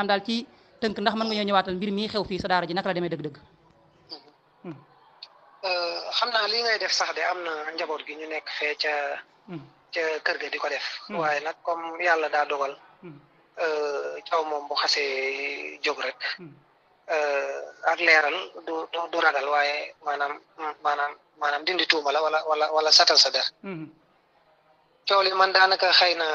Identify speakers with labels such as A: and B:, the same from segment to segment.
A: maanaam dal ci teunk ndax man nga ñu ñewatal mbir mi xew fi sa dara ji nak la démé deug deug
B: euh xamna li ngay def sax de amna njabot gi ñu nekk fee ca hmm. ca kër ga di def hmm. waye nak comme yalla da dogal taw hmm. euh, mom bu xasse jog rek euh, ak leeral du du ragal waye manam manam manam dindi tuuma la wala wala wala satal sa der coow li man daanaka xëy na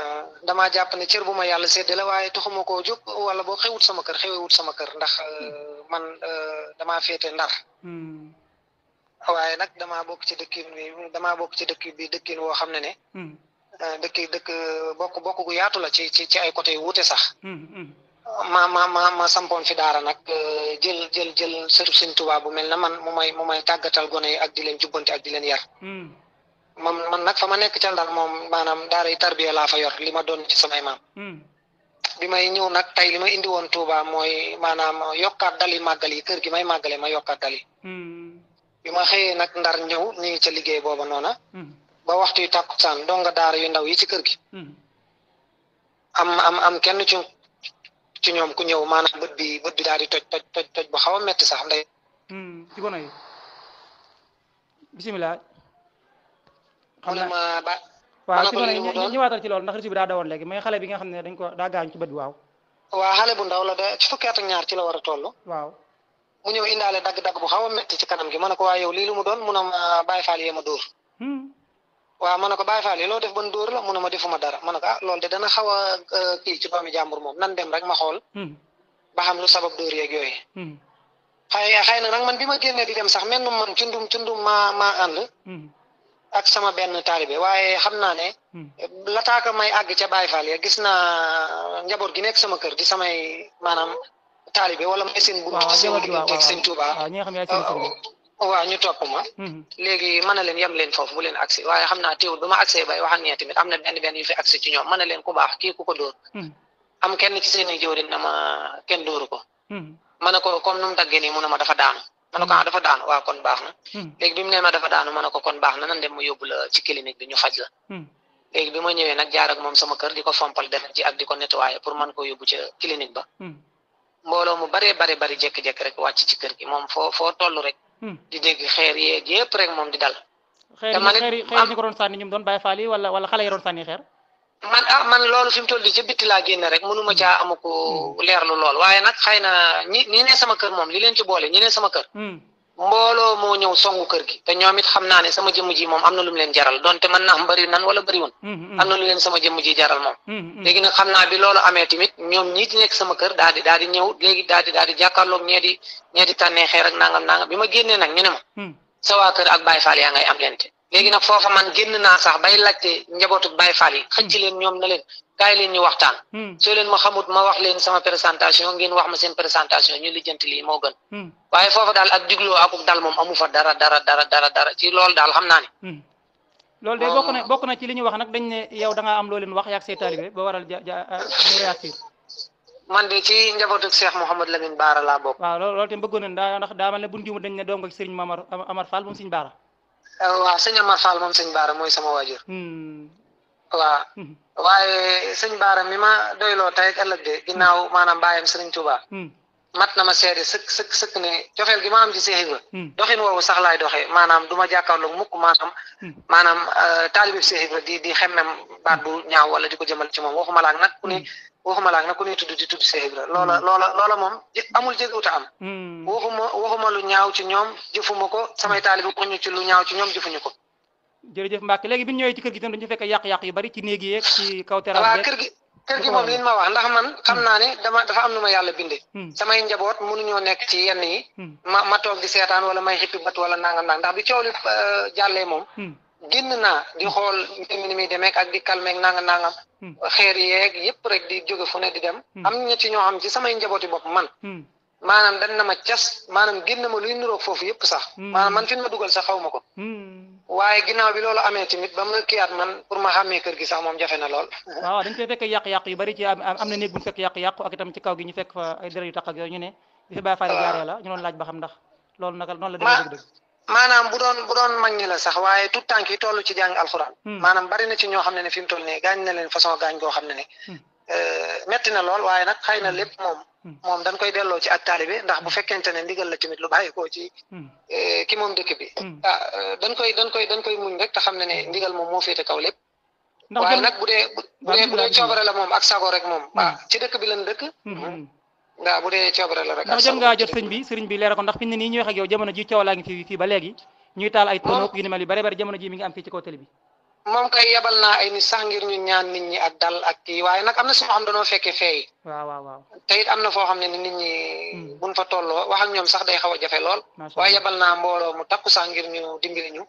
B: dama jàpp ne cër bu ma yàlla séddale waaye taxuma koo jóg wala boo xewut sama kër xewewut sama kër ndax euh, man euh, damaa féete ndar hmm. waaye nag damaa bokk ci dëkkin bi damaa bokk ci dëkk bi dëkkin woo xam ne ne hmm. euh, dëkk dëkk bokk bokk gu yaatu la ci ci ci ay côté yu wuute sax hmm, ma ma fi daara nag jël jël jël sëtu Sëñ Tuubaa bu mel na man mu may mu may tàggatal gone yi ak di leen jubbanti ak di leen yar moom man nag fa ma nekk ca Ndar moom maanaam yi tarbiya laa fa yor li ma doon ci samay maam. Hmm. bi may ñëw nag tey li ma indi woon Touba mooy maanaam yokkaat dali màggal yi kër gi may màggale ma yokkaat dali. Hmm. bi ma xëyee nag Ndar ñëw ñu ngi ca liggéey booba noona. Hmm. ba waxtu yu tàkkusaan donga daar yu ndaw yi ci kër gi. am am am kenn ci ñoom ku ñëw maanaam bët bi bët bi di toj toj toj toj bu xaw a metti sax ndey. ci gone xam na
A: waaw ci mën a ñëwaatal ci loolu ndax ci bi daa dawoon léegi mais xale bi nga xam ne dañ ko daa gaañ ci bët waaw
B: waaw xale bu ndaw la da ci fukki at ak ñaar ci la war a toll waaw mu ñëw indaale dagg-dagg bu xaw a metti ci kanam gi ma ne ko waa yow lii lu mu doon mu ne ma bàyyi faal yee ma dóor hmm. waaw ma ko bàyyi faal yi loo def ban dóor la mu ne ma defuma dara ma ko ah, loolu de dana xaw a euh, kii ci doomi jàmbur moom nan dem rek ma xool hmm. ba xam lu sabab dóor yeeg yooyu hmm. xëy xëy na nag man bi ma génnee di dem sax mennum man cundum cundum ma maa ànd ak sama benn taalibe waaye xam naa ne hmm. lataaka may àgg ca Baay Faal ya gis naa njaboot gi nekk sama kër di samay maanaam taalibe wala may seen bunt ci seen digganteeg seen Tuubaa waaw ñu topp ma hmm, hmm. léegi mën na leen yem leen foofu bu leen agsi waaye xam naa teewul bi ma agsee bay waxan ne tamit am na benn benn yu fi agsi ci ñoom mën na leen ku baax kii ku ko dóor am kenn ci seen i jëwriñ na ma kenn dóoru ko ma ne ko comme nu mu daggee nii mu ne ma dafa daanu ma ne ko ah dafa daanu waaw kon baax na hmm. léegi bi mu ne ma dafa daanu ma ne ko kon baax na nan dem ma yóbbu la ci clinique bi ñu faj la hmm. léegi bi ma ñëwee nag jaar ak moom sama kër di ko fompal deret ji ak di ko nettoyer pour man koo yóbbu ca clinique ba hmm. mbooloo mu baree bare bari jékki-jékki rek wàcc ci kër gi moom foo foo rek di dégg xeer yeeg yëpp rek moom di dal
A: xeer yi xeer yi ñu ko doon sànni ñu wala xale yi doon sànni xeer
B: man ah, man loolu fi mu toll ci bitti laa génn rek mënuma hmm. caa am ko hmm. leerlu lool waaye nag xëy na ñi ñi ne sama kër moom li leen ci boole ñi ne sama kër hmm. mbooloo moo ñëw songu kër gi te ñoom it xam naa ne sama jëmm ji moom am na lu mu leen jaral donte mën naa am bëri nan wala bëriwun am na lu leen sama jëmm ji jaral moom léegi nag xam naa bi loolu amee tamit ñoom ñi ci nekk sama kër daal di daal di ñëw léegi daal di daal di jàkkaarloog ñee di ñee di nangam nangam bi ma génnee nag ñu ne ma sa waa kër ak Baye Fall yaa ngay am lente léegi nag foofa man génn naa sax bay laajte njabootu Baye Fall yi xëcc leen ñoom na leen kaay leen ñu waxtaan hmm. soo leen ma xamut ma wax leen sama présentation ngeen wax ma seen présentation ñu lijjanti lii moo gën hmm. waaye foofa daal ak digloo akuk dal moom amu fa dara dara dara dara ci loolu daal xam naa ne
A: hmm. loolu de bokk na bokk na ci li ñu wax nag dañ ne yow danga am loo leen wax yaag say taalibe ba waral ja ja ah, ñu réagir man de ci njabootu Cheikh Mouhamadou Lamine Baara laa bokk waaw loolu loolu tam bëggoon nañ daa ndax daa ne buñ juumu dañ ne doom nga Serigne Mamar
B: Eh, waaw sëñ Amar Fall moom sëñ Baara mooy sama waajur hmm. waaw hmm. waaye sëñ Baara mi ma doyloo tey ak ëllëg de ginnaaw maanaam baayam sëriñ Tuubaa hmm. mat na ma seede sëkk sëkk sëkk ne cofeel gi ma am ci Seex Ibra hmm. doxin woowu sax laay doxee maanaam du ma jàkkaarloog mukk maanaam hmm. maanaam euh, taalibib Seex Ibra di di xemmem baat bu ñaaw wala di ko jëmal ci moom waxuma laak nag
C: ku ne hmm.
B: waxuma laak ku ne tudd di tudd Seex Ibra loola loola loola moom amul jégguta am waxuma waxuma lu ñaaw ci ñoom jëfuma ko samay taalib waxuñu ci lu ñaaw ci ñoom jëfuñu ko
A: jërëjëf Mbacke léegi bi ñu ñëwee ci kër gi tam ñu fekk yàq-yàq yu bari ci néeg yi ci kaw terrasse waaw gi kër gi moom li ma wax ndax
B: man xam naa ne dama dafa am nu ma yàlla bindee. Hmm. samay njaboot ñoo nekk ci yenn yi. Hmm. ma ma toog di seetaan wala may xippi bët wala nangam nangam ndax bi coow li euh, jàllee moom. Hmm. génn naa di xool mbir mi ni muy demee ak di calmeeg nangam nangam. xeer yeeg yëpp rek di jóge fo ne di dem. am na ci ñoo xam ci samay njabooti bopp man. maanaam dan na ma cas maanaam génn ma luy niroog foofu yëpp sax hmm. maanaam man fi ma dugal sax xaw ma ko
A: hmm.
B: waaye ginnaaw bi loolu amee tamit ba ma kiyaat man pour ma xàmmee kër gi sax moom jafe na lool
A: waaw dañ fay fekk yàq-yàq yu bari ci am na néeg bu fekk yàq ak itam ci kaw gi ñu fekk fa ay dara yu tax ak ne fi bàyyi faari ñu doon laaj ba xam ndax loolu naka noonu la demee hmm.
B: ne ne ne leen façon gaañ goo xam ne ne Euh, metti na lool waaye nag xëy na lépp hmm. moom hmm. moom dañ koy delloo ci ak taalibe ndax bu hmm. fekkente ne ndigal la tamit lu bàyyi ko ci eh, ki moom dëkk bi ah euh, dañ koy dañ koy dañ koy muñ rek te xam ne ne ndigal moom moo féete kaw lépp waaye nag bu dee bu dee bu ak sago rek moom ah, ci dëkk bi lan dëkk waaw bu dee coobare la rek ndax jot ngaa
A: jot sëñ bi sëriñ bi leera ko ndax fi ne nii ñuy wax ak yow ji coow laa ba léegi ñuy taal ay tonok ah. yu ni bare bare jamono ji mi ngi am fii ci kaw télé bi
B: moom kay yabal naa ay nit sax ngir ñaan nit ñi ak dal ak ki waaye nag am na si xam dañoo fekke feey waaw waaw te it am na foo xam ne ni nit ñi hmm. buñ fa tolloo waxam ñoom sax day xaw a jafe lool waaye yabal naa mbooloo mu takku sax ngir ñu dimbali ñu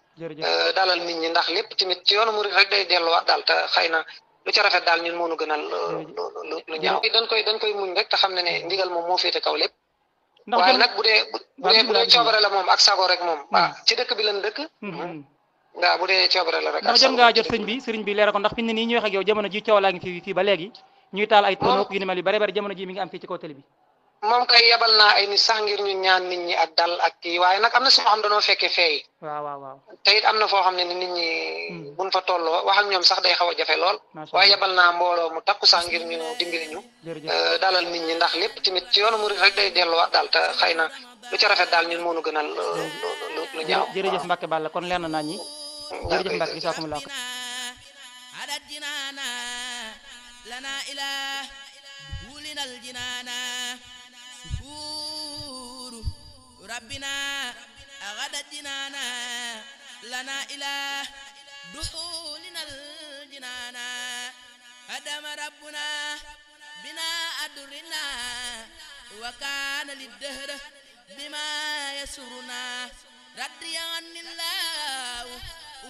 B: eh, dalal nit ñi ndax lépp tamit ci yoonu murid rek day delluwaat daal te xëy na lu ca rafet daal ñun moonu gënal eh, lu dañ koy dañ koy muñ rek te xam ne ne hmm. ndigal moom moo féete kaw lépp waaye nag bu dee bu ak sago rek moom hmm.
A: waaw ci dëkk bi lan dëkk
B: waaw bu coba coobare la rek. ndax jot ngaa
A: jot sëñ bi sëriñ bi leeral ko ndax fi mu ne wax ak yow jamono ji ngi ba ñuy taal ay yu ni bare bare ji mi ngi am fii ci kaw télé bi
B: moom kay yabal naa ay nit sax ñu ñaan nit ñi ak dal ak kii waaye nag am na si ñoo xam dañoo fekkee waaw waaw waaw na ni nit ñi buñ fa tolloo wax ak ñoom sax day xaw a lool waaye yabal naa mbooloo mu takku sax ñu ñu dalal nit ñi ndax ci yoonu rek day lu ci rafet ñun gënal lu ñaaw jërëjëf
A: Balla kon na jërëjëf Mbacke jazaakumullah adat jinaana
D: lana ilah wulinal jinaana sukuuru rabbina adat jinaana lana ilah duxulinal jinaana adama rabbuna bina adurina wa kaana liddahra bima yasuruna radiya anillahu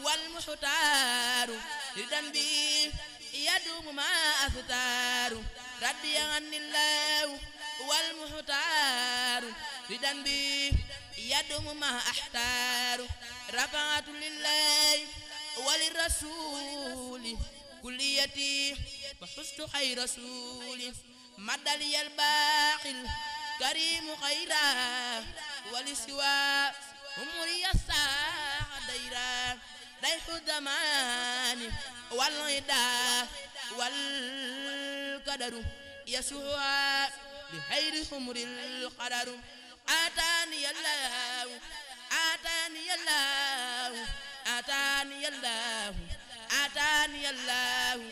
D: والمحتار لذنبي يدوم ما أفتار رضي عني الله والمحتار لذنبي يدوم ما أحتار رفعت لله وللرسول كليتي فحست خير رسول مدى لي الباقي الكريم خيرا ولسوى أمري السار ضيق الزمان والعدا والقدر يسوع بخير حمر القرار آتاني الله آتاني الله آتاني الله آتاني الله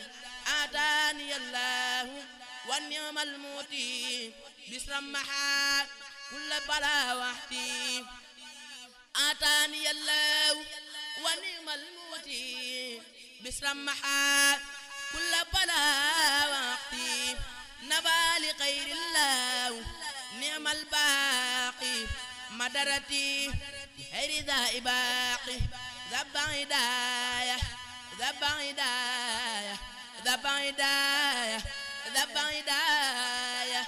D: آتاني الله والنعم الموتي بسرمها كل بلا وحدي آتاني الله ونعم الموتي بسرمحا كل بلا وقت نبى لغير الله نعم الباقي مدرتي غير ذا باقي ذبا هداية ذبا هداية ذبا هداية ذبا